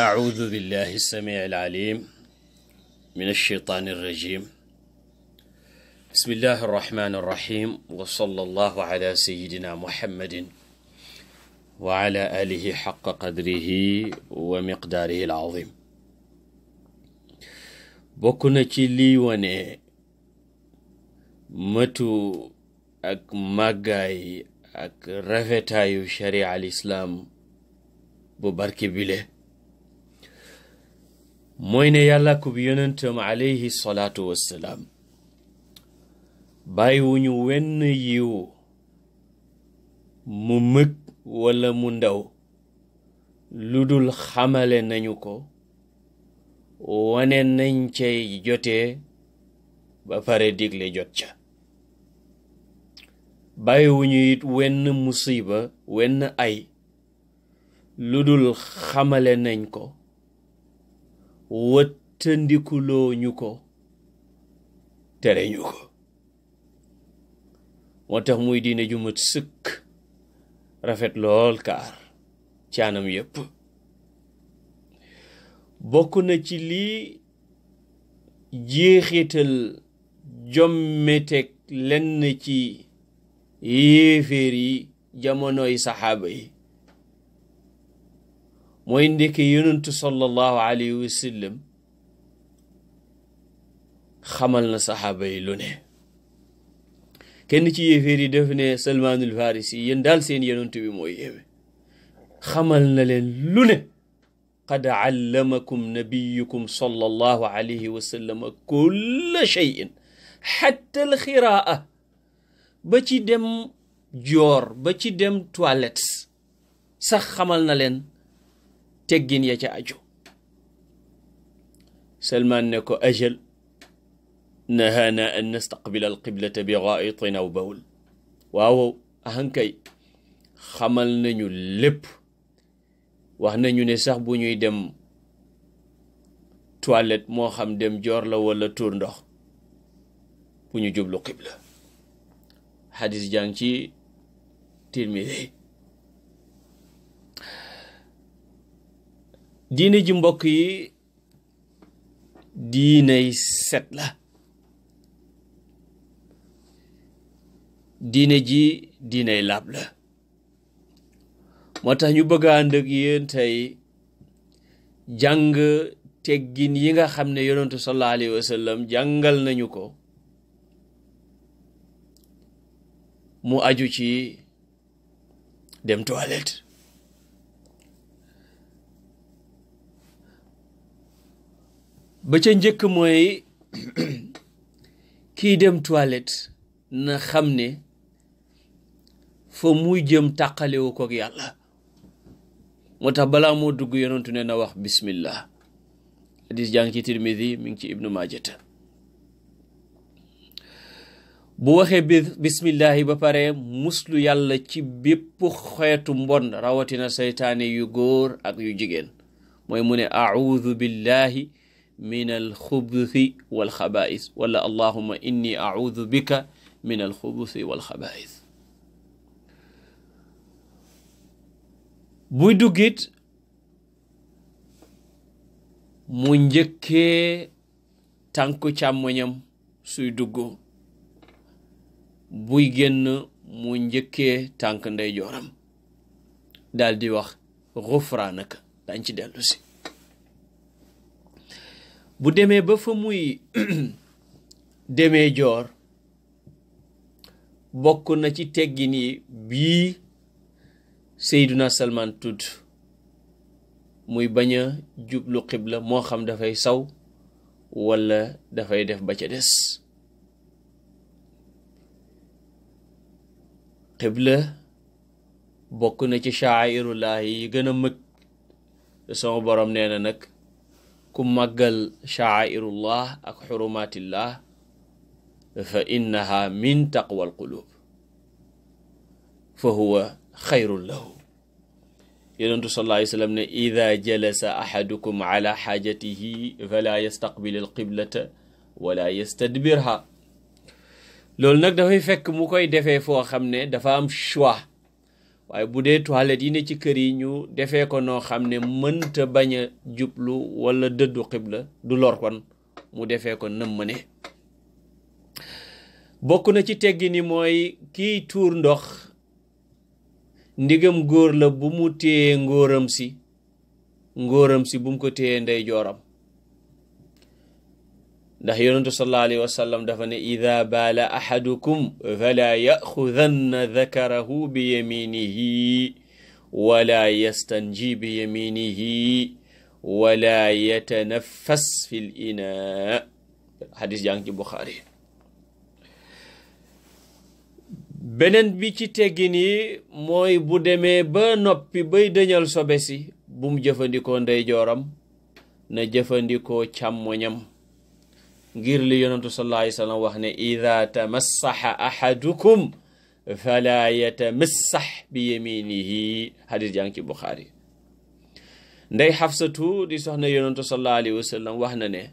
أعوذ بالله السميع العليم من الشيطان الرجيم بسم الله الرحمن الرحيم وصلى الله على سيدنا محمد وعلى آله حق قدره ومقداره العظيم بكنا لي وني متو أك ماغاي أك رفتايو شريع الإسلام ببركي بله mooy ne yàlla ku bi yonentam alayhi salaatu wassalaam bàyyiwuñu wenn yiw mu mëg walla mu ndaw lu dul xamale nañu ko wane nañ cay jotee ba pare digle jot ca bàyyiwuñu it wenn musiba wenn ay lu dul xamale nañ ko wëttandikuloo ñu ko tere ñu ko moo tax muy diine jumat mat rafet lool kaar caanam yépp bokk na ci lii jeexital jommetek lenn ci yéeféer yi jamonoy saxaaba yi mooy ndeke yonentu sallallahu alayhi wa sallam xamal na saxaaba yi lu ne kenn ci yéeféer yi def ne salmaanul farisi yéen daal seen yonent bi mooy yéeme xamal na leen lu ne qad allamakum nabiyukum sallallahu alayhi wa sallam kulla shay'in xatta alxiraa ba ci dem joor ba ci dem toilette sax xamal na leen teggin ya ca aju Salman ne ko ajal nahaana an nastaqbila alqiblata bi gaitin aw bawl waawow ahankay xamal nañu lépp wax nañu ne sax bu ñuy dem toilette moo xam dem joor la wala tuur ndox bu ñu jublu qibla xadis jàng ci Tirmidi diine ji mbokk yi diiney set la diine ji diiney laab la moo tax ñu bëgg a ànd ak tey jàng teggin yi nga xam ne yonentu sallallahu alayhi wa jàngal nañu ko mu aju ci dem toilette ba ca njëkk mooy kiy dem toilette na xam ne fa muy jëm tàqalewu kook yàlla moo tax balaa moo dugg yonentu ne na wax bismillah hadis jàng mi ngi ci Ibnu Majata bu waxee bi bismillahi ba pare muslu yàlla ci bépp xeetu mbon rawatina seytaane yu góor ak yu jigéen mooy mu ne audu billahi min alxubuthi walxabais wala allahuma inni buy duggit mu njëkkee tànku càmmoñam suy dugg buy génn mu njëkkee tànk ndeyjooram daal di wax xufraanaka dañ ci dellu si bu demee ba fa muy demee joor bokk na ci teggin yi bii Seyduna Salman tudd muy baña a jublu xibla moo xam dafay saw wala dafay def ba ca des xibla bokk na ci shaa'irullaahi yi gën a mëg sama borom nee na nag ku màggal sha'airullah ak xurumatillah fa innaha min taqwa alqulub fa huwa xayrun lahu yonentu sallallahu alayhi wa sallam ne ida jalasa ahadukum ala xaajatihi fala yastaqbil alqiblata wala yastadbirha loolu nag dafay fekk mu koy defee foo xam ne dafa am choix waaye bu dee toilette yi ne ci kër yi ñu defee ko noo xam ne mënta bañ a jublu wala dëddu xibla du lor kon mu defee ko nam mëne bokk na ci teggi ni mooy kiy tuur ndox ndigam góor la bu mu téyee ngóoram si ngóoram si bu mu ko téyee ndey jooram ndax yonentu sallallahu alayhi wa sallam dafa ne ida baala ahadukum fala yaxudanna dakarahu bi wala yastanji bi wala yatanafas fi l ina xadis jàng ci Buxaari beneen mooy bu demee ba noppi bay dëñal sobesi bum bu mu jëfandikoo ndeyjooram na jëfandikoo càmmoñam ngir li yonentu sallallahu wax ne ida tamassaxa ahadukum fala yatamassax bi yaminihi hadis jàng ci Buxaari ndey xafsatu di soxna yonentu sallallahu alayhi wax na ne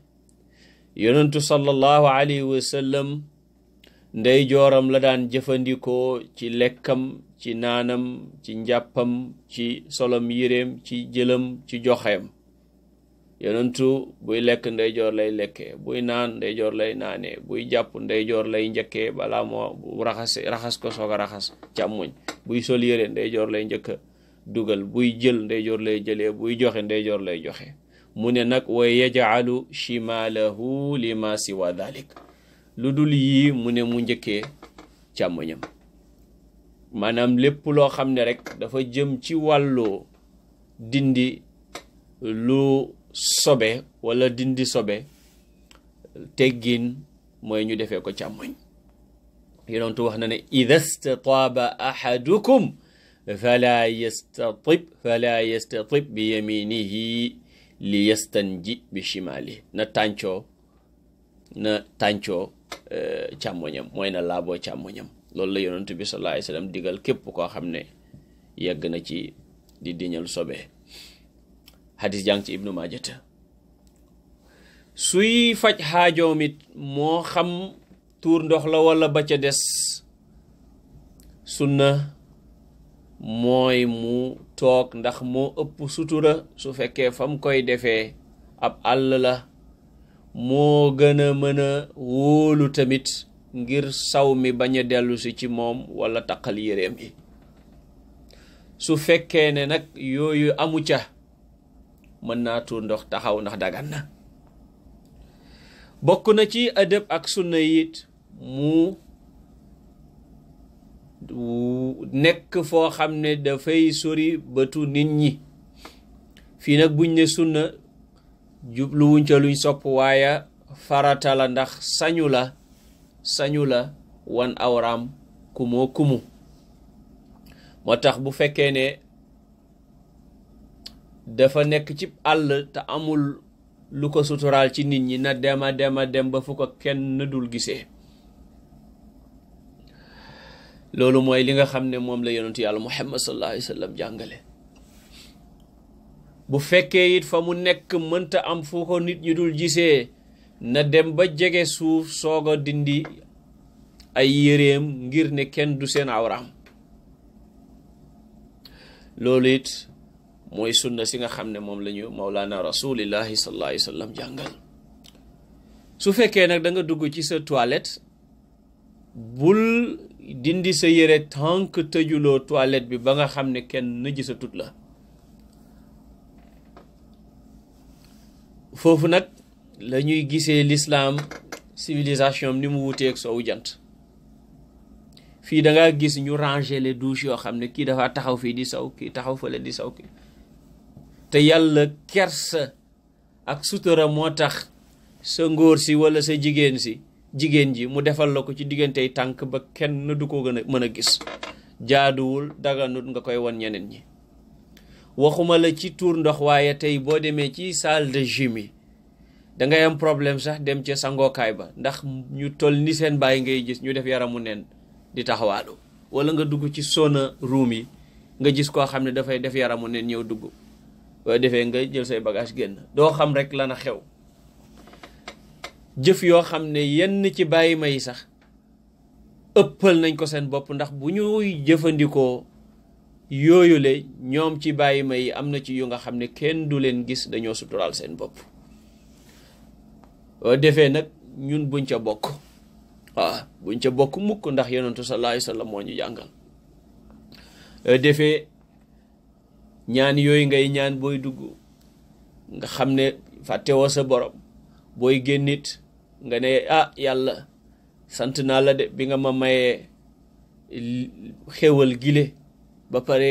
yonentu sallallahu alayhi ndey jooram la daan jëfandikoo ci lekkam ci naanam ci njàppam ci solom yéreem ci jëlam ci joxeem yonentu buy lekk ndeyjoor lay lekkee buy naan ndeyjoor lay naanee buy jàpp ndeyjoor lay njëkkee balaa moo raxas raxas ko soo a raxas càmmoñ buy sol yére ndeyjoor lay njëkk dugal buy jël ndeyjoor lay jëlee buy joxe ndeyjoor lay joxe mu ne nag wa yaj'alu shimaalahu lima siwa dalik lu dul yii mu ne mu njëkkee càmmoñam maanaam lépp loo xam ne rek dafa jëm ci wàllu dindi lu sobe wala dindi sobe teggin mooy ñu defee ko càmmoñ yonentu wax na ne ida stataaba ahadukum fala yastatib fala yastatib bi yaminihi li bi shimali na tàncoo na tàncoo eh, càmmoñam mooy na laaboo càmmoñam loolu la yonentu bi sallallahu alayhi digal képp koo xam ne yegg na ci di diñal sobe xadis jàng ci ibnu maajata suy faj xaajoom moo xam tuur ndox la walla ba ca des sunna mooy mu toog ndax moo ëpp sutura su fekkee fam koy defee ab àll la moo gën a mën a wóolu tamit ngir saw mi bañ a dellusi ci moom walla taqal yéreem yi su fekkee ne nag yooyu amu ca mën naa tu ndox taxaw ndax dagan na bokk na ci adab ak sunna it mu nekk foo xam ne dafay sori bëtu nit ñi fii nag buñ ne sunna jubluwuñ luñ sopp waaye faratala ndax sañu la sañu la wan awraam kumoo kumu moo tax bu fekkee ne dafa nekk ci àll te amul lu ko suturaal ci nit ñi na dema dema dem ba fu ko kenn dul gisee loolu mooy li nga xam ne moom la yonentu yàlla muhammad sallallahu alayhi wa jàngale bu fekkee it fa mu nekk mënta am fu ko nit ñi dul gisee na dem ba jege suuf soog a dindi ay yéreem ngir ne kenn du seen awraam loolu it mooy sunna si nga xam ne moom la ñu mawlaana rasulillahi sallallahu alayhi wa sallam jàngal su fekkee nag danga dugg ci sa toilette bul dindi sa yére tànk tëjuloo toilette bi ba nga xam ne kenn nëji sa tut la foofu nag la ñuy gisee l'islam civilisation ni mu wuteeg soowu jant fii da nga gis ñu ranger les yoo xam ne kii dafa taxaw fii di saw kii taxaw fële di saw te yàlla kersa ak sutura moo tax sa ngóor si wala sa jigéen si jigéen ji mu defal la ko ci diggantey tànk ba kenn du ko gën a mën a gis jaaduwul daganut nga koy wan ñeneen ñi waxuma la ci tuur ndox waaye tey boo demee ci salle de gym yi problème sax dem ca sangookaay ba ndax ñu toll ni seen bàyyi ngay gis ñu def yaramu neen di taxawaalu wala nga dugg ci sauna room yi nga gis koo xam ne dafay def yaramu neen ñëw dugg waaye defee nga jël say bagage génn doo xam rek lana xew jëf yoo xam ne yenn ci bàyyi ma yi sax ëppal nañ ko seen bopp ndax bu ñuy jëfandikoo yooyu le ñoom ci bàyyi ma yi am na ci yu nga xam ne kenn du leen gis dañoo suturaal seen bopp waaye defee nag ñun buñ ca bokk waaw buñ ca bokk mukk ndax yonentu sa laay wa sallam moo ñu jàngal defee ñaan yooyu ngay ñaan booy dugg nga xam ne fàtte fàttewoo sa borom booy génnit nga ne ah yàlla sant naa la de bi nga ma mayee xéwal gile ba pare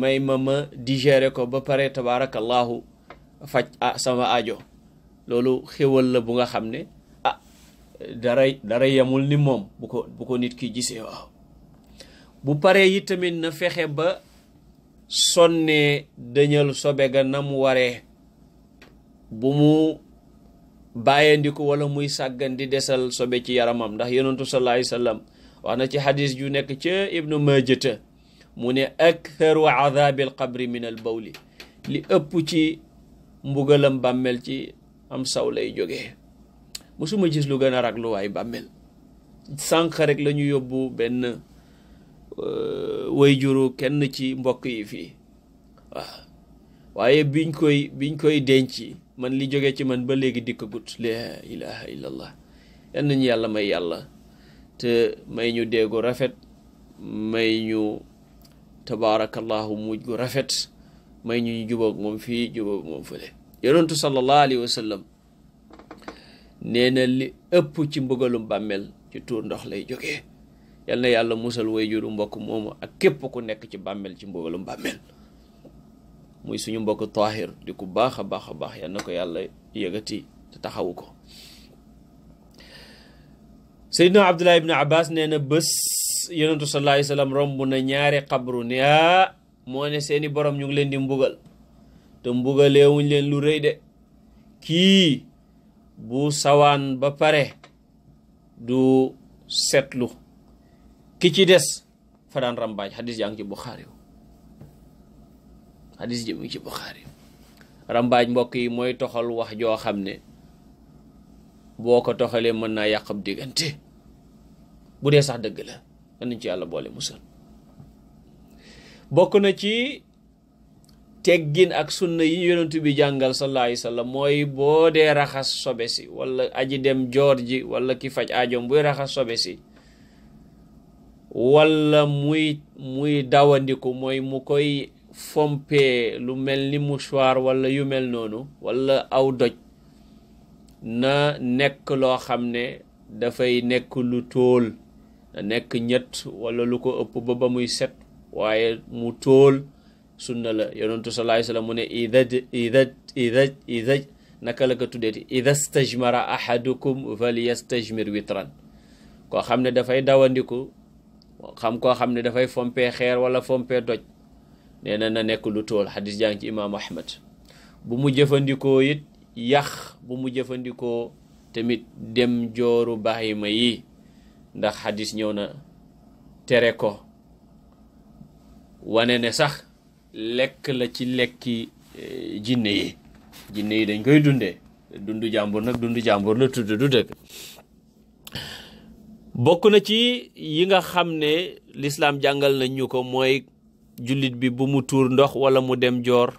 may ma ma digéré ko ba pare tabaarakallaahu faj ah sama aajo loolu xéwal la bu nga xam ne ah dara dara yemul ni moom bu ko nit ki gisee waaw bu paree yi tamit na fexe ba sonnee dañal sobe ga nam waree bu mu bàyyandiku wala muy sàggan di desal sobe ci yaramam ndax yonentu sallallahu alayhi wasallam wax na ci xadis ju nekk ca ibnu majata mu ne aktharu azabil qabri min al bawli li ëpp ci mbugalam bàmmel ci am saw lay jógee musuma gis lu gën a ragluwaay bàmmel sànq rek la yóbbu benn Euh, way juru kenn ci mbokk yi fii waaw waaye biñ koy biñ koy denc man li jóge ci man ba léegi dikkagut laa ilaha illa allah yan nañu yàlla may yàlla te may ñu déegu rafet may ñu tabaarakallahu muj gu rafet may ñu ñu jubóog moom fii jubóog moom fële yonentu sallallahu alayhi wa sallam nee li ëpp ci mbugalum bàmmeel ci tuur ndox lay jógee yàlla musal way juru mbokk moomu ak képp ku nekk ci bàmmeel ci mbugalum bàmmeel muy suñu mbokk Tahir di ku baax a baax a baax yal ko yàlla yëgati te taxawu ko Seydina Abdullah ibn Abbas nee na bës yonentu sallallahu alayhi romb na ñaari xabru ne ah moo ne seeni borom ñu ngi leen di mbugal te mbugaleewuñ leen lu rëy de kii bu sawaan ba pare du setlu ki ci des fa daan rambaaj xadis yaa ngi ci Buxaari wu xadis ji mu ngi ci Buxaari rambaaj mbokk yi mooy toxal wax joo xam ne boo ko toxalee mën naa yàqab diggante bu dee sax dëgg la nañ ci yàlla boole musal bokk na ci teggin ak sunna yi yonentu bi jàngal sallallahu alayhi mooy boo dee raxas sobe si wala aji dem joor ji wala ki faj aajoom buy raxas sobe si walla muy muy dawandiku mooy mu koy fompee lu mel ni mouchoir walla yu mel noonu walla aw doj na nekk loo xam ne dafay nekk lu tool nekk ñett walla lu ko ëpp ba muy set waaye mu tool sunna la yonentu sallallahu alayhi wasallam mu ne idaj idaj idaj idaj naka la ko tuddeeti ida stajmara ahadukum falyastajmir witran koo xam ne dafay dawandiku xam koo xam ne dafay fompe xeer wala fompe doj nee na nekk lu tool xadis jàng ci imaamu ahmad bu mu jëfandikoo it yax bu mu jëfandikoo tamit dem jooru bàyyima yi ndax xadis ñëw na tere ko wane ne sax lekk la ci lekki eh, jinne yi jinne yi dañ koy dundee dund jàmbur nag dund jàmbur la tudd du dëkk bokk na ci yi nga xam ne lislaam jàngal nañ ñu ko mooy jullit bi bu mu tuur ndox wala mu dem joor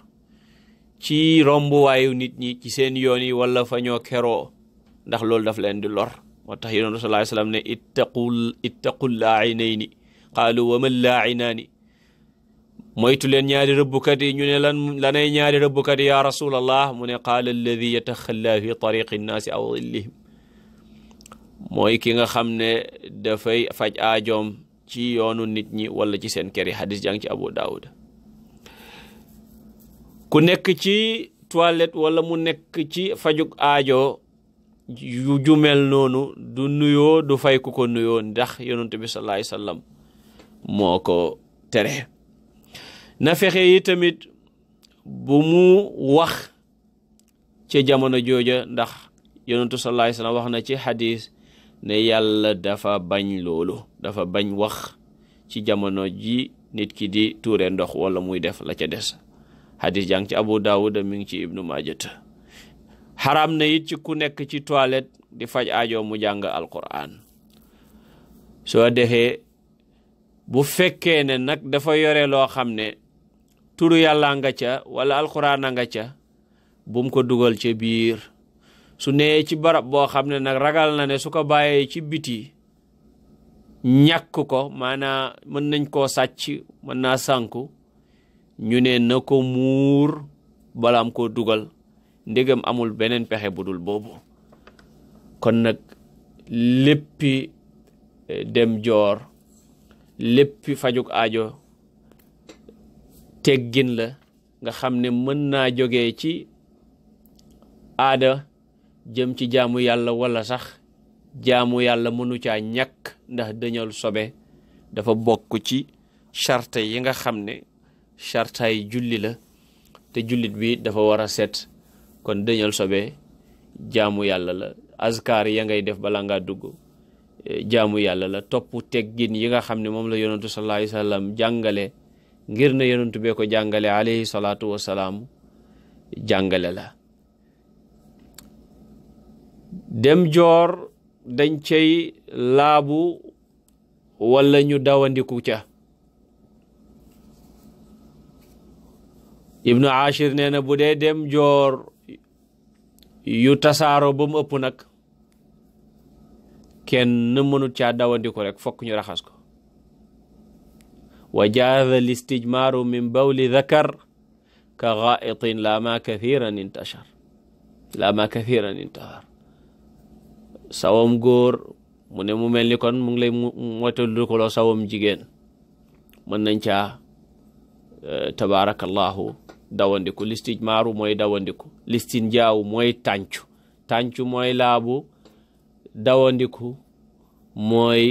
ci rombuwaayu nit ñi ci seen yoon yi wala fa ñoo keroo ndax loolu daf leen di lor moo tax yonent sallallahu alayhi laa ne ittaqul ittaqul laainayni qaalu laa man laainaani moytu leen ñaari rëbbukat yi ñu ne lan ñaari rëbbukat yi ya rasulallah mu ne qaala alladi yataxalla fi tariqi nnaasi aw dillihim mooy ki nga xam ne dafay faj aajoom ci yoonu nit ñi wala ci seen kër yi xadis jàng ci Abu Daawud ku nekk ci toilette wala mu nekk ci fajug aajo ju jumel noonu du nuyoo du fay ku ko nuyoo ndax yonent bi sallallahu alayhi wasallam moo ko tere na fexe yi tamit bu mu wax ca jamono jooja ndax yonentu sallallahu alayhi wasallam wax na ci xadis ne yàlla dafa bañ loolu dafa bañ wax ci jamono ji nit ki di tuure ndox wala muy def la ca des hadis jàng ci Abu Dawud mi ngi ci Ibnu Majata xaraam na it ci ku nekk ci toilet di faj aajo mu jàng Alquran soo defee bu fekkee ne nag dafa yore loo xam ne turu yàlla nga ca wala Alquran a nga ca bum ko dugal ca biir su nee ci barab boo xam ne nag ragal na ne su ko bàyyee ci biti ñàkk ko maanaa mën nañ koo sàcc mën naa sànku ñu ne na ko muur balaam ko dugal ndegam amul beneen pexe bu dul boobu kon nag léppi eh, dem joor léppi fajuk aajo teggin la nga xam ne mën naa jógee ci aada jëm ci jaamu yàlla walla sax jaamu yàlla mënu caa ñàkk ndax dañal sobe dafa bokk ci charte yi nga xam ne chartaay julli la te jullit bi dafa war a set kon dañal sobe jaamu yàlla la azkaar ya ngay def bala ngaa dugg e, jaamu yàlla la topp teggin yi nga xam ne moom la yonentu sallallahu alayhi wa jàngale ngir na yonentu bee ko jàngale alayhi salaatu wasalaam jàngale la dem joor dañ cey laabu walla ñu dawandiku ca ibnu ashir nee na bu dee dem joor yu tasaaro ba mu ëpp nag kenn mënut ca dawandiku rek fokk ñu raxas ko wa jaaza listijmaaru min bawli dakar ka gaitin lama kathiran intashar lama kathiran sawam góor mu ne mu mel ni kon mu ngi lay moytandikuloo sawam jigéen mën nañ caa e, tabaarakallahu dawandiku listijmaaru mooy dawandiku listinjaaw mooy tàncu tàncu mooy laabu dawandiku mooy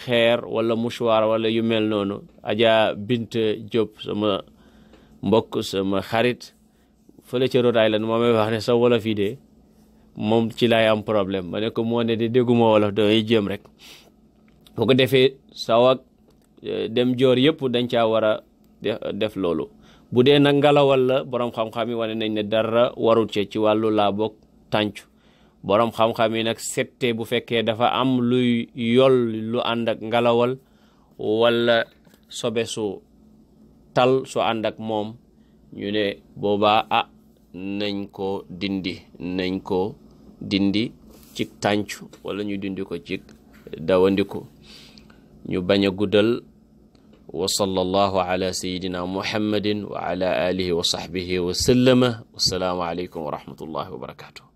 xeer walla mouchoir wala yu mel noonu ajaa Binte Diop sama mbokk sama xarit fële ca Rhode Island moo may wax ne sa wolof yi moom ci lay am problème ma ne ko moo ne de dégguma wolof dooy jéem rek boo ko defee saw eh, dem joor yëpp dañ caa war a def loolu bu dee nag ngalawal la boroom xam-xam yi wane nañ ne dara warul ci ci wàllu laa boog tàncu borom yi nag sette bu fekkee dafa am luy yol lu ànd ak ngalawal wala sobe su tal su ànd moom ñu ne boobaa ah nañ ko dindi nañ ko dindi ci tàncu wala ñu dindi ko ci dawandiku ñu bañ a guddal wa sallallahu ala sayidina muhammadin wa ala alihi wa sahbihi wa sallama wassalaamu wa rahmatullahi wa barakatuh